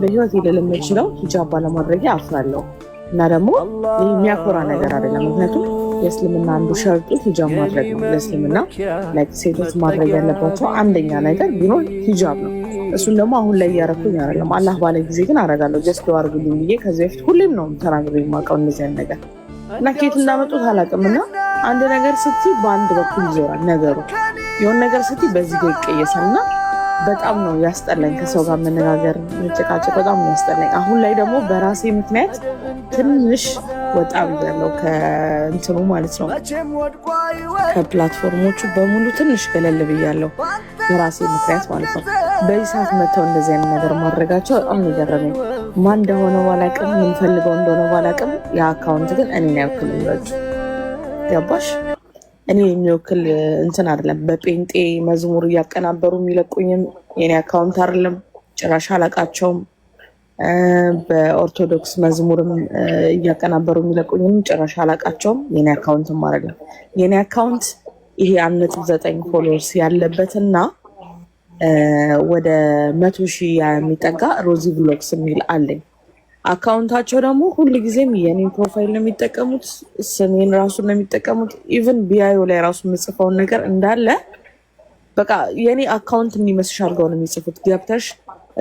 በህይወት የለመችለው ሂጃብ ባለማድረግ አፍራለሁ እና ደግሞ የሚያኮራ ነገር አይደለም። ምክንያቱም የእስልምና አንዱ ሸርጡ ሂጃብ ማድረግ ነው። ለእስልምና ሴቶች ማድረግ ያለባቸው አንደኛ ነገር ቢኖር ሂጃብ ነው። እሱን ደግሞ አሁን ላይ እያረኩኝ አይደለም። አላህ ባለ ጊዜ ግን አረጋለሁ። ጀስት አድርጉልኝ ብዬ ከዚህ በፊት ሁሌም ነው ተናግሬ የማውቀው እነዚያን ነገር እና ከየት እንዳመጡት አላውቅም። እና አንድ ነገር ስትይ በአንድ በኩል ይዞራል ነገሩ የሆን ነገር ስትይ በዚህ ጋር ይቀየሳል እና በጣም ነው ያስጠላኝ። ከሰው ጋር መነጋገር መጨቃጨቅ በጣም ነው ያስጠላኝ። አሁን ላይ ደግሞ በራሴ ምክንያት ትንሽ ወጣ ያለው ከእንትኑ ማለት ነው ከፕላትፎርሞቹ በሙሉ ትንሽ ገለል ብያለሁ በራሴ ምክንያት ማለት ነው። በዚህ ሰዓት መጥተው እንደዚህ አይነት ነገር ማድረጋቸው በጣም የገረመኝ ማን እንደሆነ ባላቅም የምንፈልገው እንደሆነ ባላቅም የአካውንት ግን እኔን ያክል ገባሽ እኔ የሚወክል እንትን አይደለም። በጴንጤ መዝሙር እያቀናበሩ የሚለቁኝም የኔ አካውንት አይደለም። ጭራሽ አላቃቸውም። በኦርቶዶክስ መዝሙርም እያቀናበሩ የሚለቁኝም ጭራሽ አላቃቸውም። የኔ አካውንትም አይደለም። የኔ አካውንት ይሄ አንድ ነጥብ ዘጠኝ ፎሎወርስ ያለበትና ወደ መቶ ሺህ የሚጠጋ ሮዚ ብሎግስ የሚል አለኝ አካውንታቸው ደግሞ ሁል ጊዜም የኔን ፕሮፋይል ነው የሚጠቀሙት። ስሜን ራሱ ነው የሚጠቀሙት። ኢቨን ቢያዩ ላይ ራሱ የምጽፈውን ነገር እንዳለ በቃ የኔ አካውንት የሚመስልሽ አድርገው ነው የሚጽፉት። ገብተሽ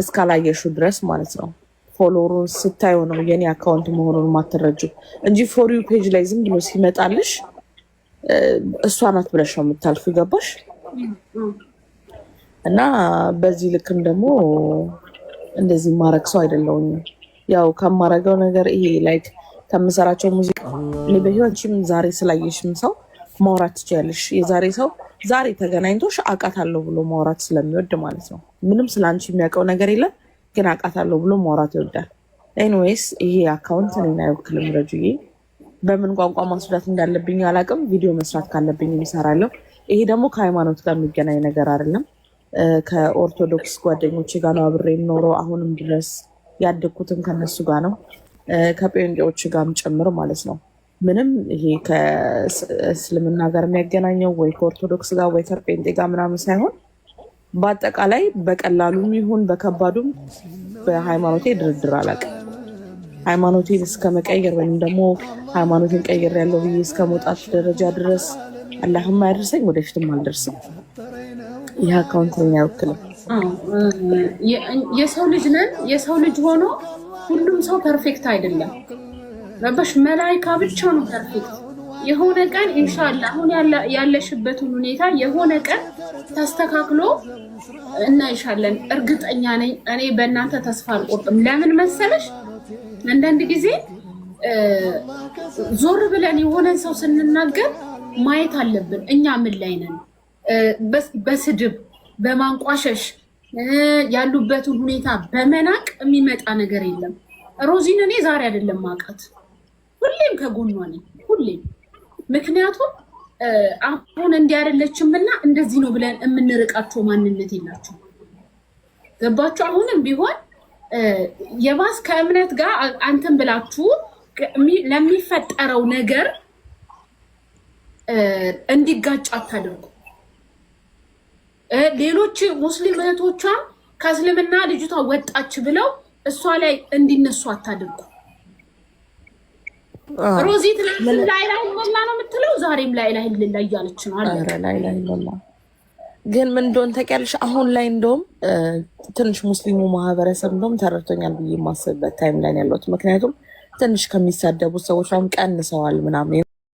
እስካላየሹ ድረስ ማለት ነው። ፎሎሩን ስታዩ ነው የኔ አካውንት መሆኑን ማተረጁ እንጂ ፎሪዩ ፔጅ ላይ ዝም ብሎ ሲመጣልሽ እሷ ናት ብለሽ ነው የምታልፉ። ገባሽ? እና በዚህ ልክም ደግሞ እንደዚህ ማረግ ሰው አይደለውኝም። ያው ከማረገው ነገር ይሄ ላይክ ከምሰራቸው ሙዚቃ በህይወትሽም ዛሬ ስላየሽም ሰው ማውራት ትችያለሽ። የዛሬ ሰው ዛሬ ተገናኝቶሽ አውቃታለሁ ብሎ ማውራት ስለሚወድ ማለት ነው። ምንም ስለ አንቺ የሚያውቀው ነገር የለም፣ ግን አውቃታለሁ ብሎ ማውራት ይወዳል። ኤኒዌይስ ይሄ አካውንት እኔን አይወክልም። ረጁዬ በምን ቋንቋ ማስወዳት እንዳለብኝ አላውቅም። ቪዲዮ መስራት ካለብኝ እሰራለሁ። ይሄ ደግሞ ከሃይማኖት ጋር የሚገናኝ ነገር አይደለም። ከኦርቶዶክስ ጓደኞች ጋር ነው አብሬ የምኖረው አሁንም ድረስ ያደግኩትም ከነሱ ጋር ነው ከጴንጤዎች ጋርም ጭምር ማለት ነው። ምንም ይሄ ከእስልምና ጋር የሚያገናኘው ወይ ከኦርቶዶክስ ጋር ወይ ከጴንጤ ጋር ምናምን ሳይሆን በአጠቃላይ በቀላሉም ይሁን በከባዱም በሃይማኖቴ ድርድር አላውቅም። ሃይማኖቴን እስከ መቀየር ወይም ደግሞ ሃይማኖቴን ቀየር ያለው ብዬ እስከ መውጣት ደረጃ ድረስ አላህም አያደርሰኝ፣ ወደፊትም አልደርስም። ይህ አካውንት ነው አይወክልም። የሰው ልጅ ነን። የሰው ልጅ ሆኖ ሁሉም ሰው ፐርፌክት አይደለም። ረበሽ መላይካ ብቻ ነው ፐርፌክት። የሆነ ቀን ኢንሻአላ አሁን ያለሽበትን ሁኔታ የሆነ ቀን ተስተካክሎ እናይሻለን። እርግጠኛ ነኝ። እኔ በእናንተ ተስፋ አልቆርጥም። ለምን መሰለሽ አንዳንድ ጊዜ ዞር ብለን የሆነን ሰው ስንናገር ማየት አለብን እኛ ምን ላይ ነን በስድብ በማንቋሸሽ ያሉበትን ሁኔታ በመናቅ የሚመጣ ነገር የለም። ሮዚን እኔ ዛሬ አይደለም ማውቃት፣ ሁሌም ከጎኗ ነኝ። ሁሌም ምክንያቱም አሁን እንዲህ አይደለችም እና እንደዚህ ነው ብለን የምንርቃቸው ማንነት የላቸው ገባቸው። አሁንም ቢሆን የባስ ከእምነት ጋር አንተን ብላችሁ ለሚፈጠረው ነገር እንዲጋጭ አታደርጉ። ሌሎች ሙስሊም እህቶቿ ከእስልምና ልጅቷ ወጣች ብለው እሷ ላይ እንዲነሱ አታድርጉ። ሮዚ ትናንት ላይላ ልላ ነው የምትለው፣ ዛሬም ላይላ ልላ እያለች ነው አለ። ግን ምን እንደሆነ ታውቂያለሽ? አሁን ላይ እንደውም ትንሽ ሙስሊሙ ማህበረሰብ እንደውም ተረድቶኛል ብዬ የማስብበት ታይም ላይ ያለት ምክንያቱም ትንሽ ከሚሳደቡት ሰዎች ቀንሰዋል ምናምን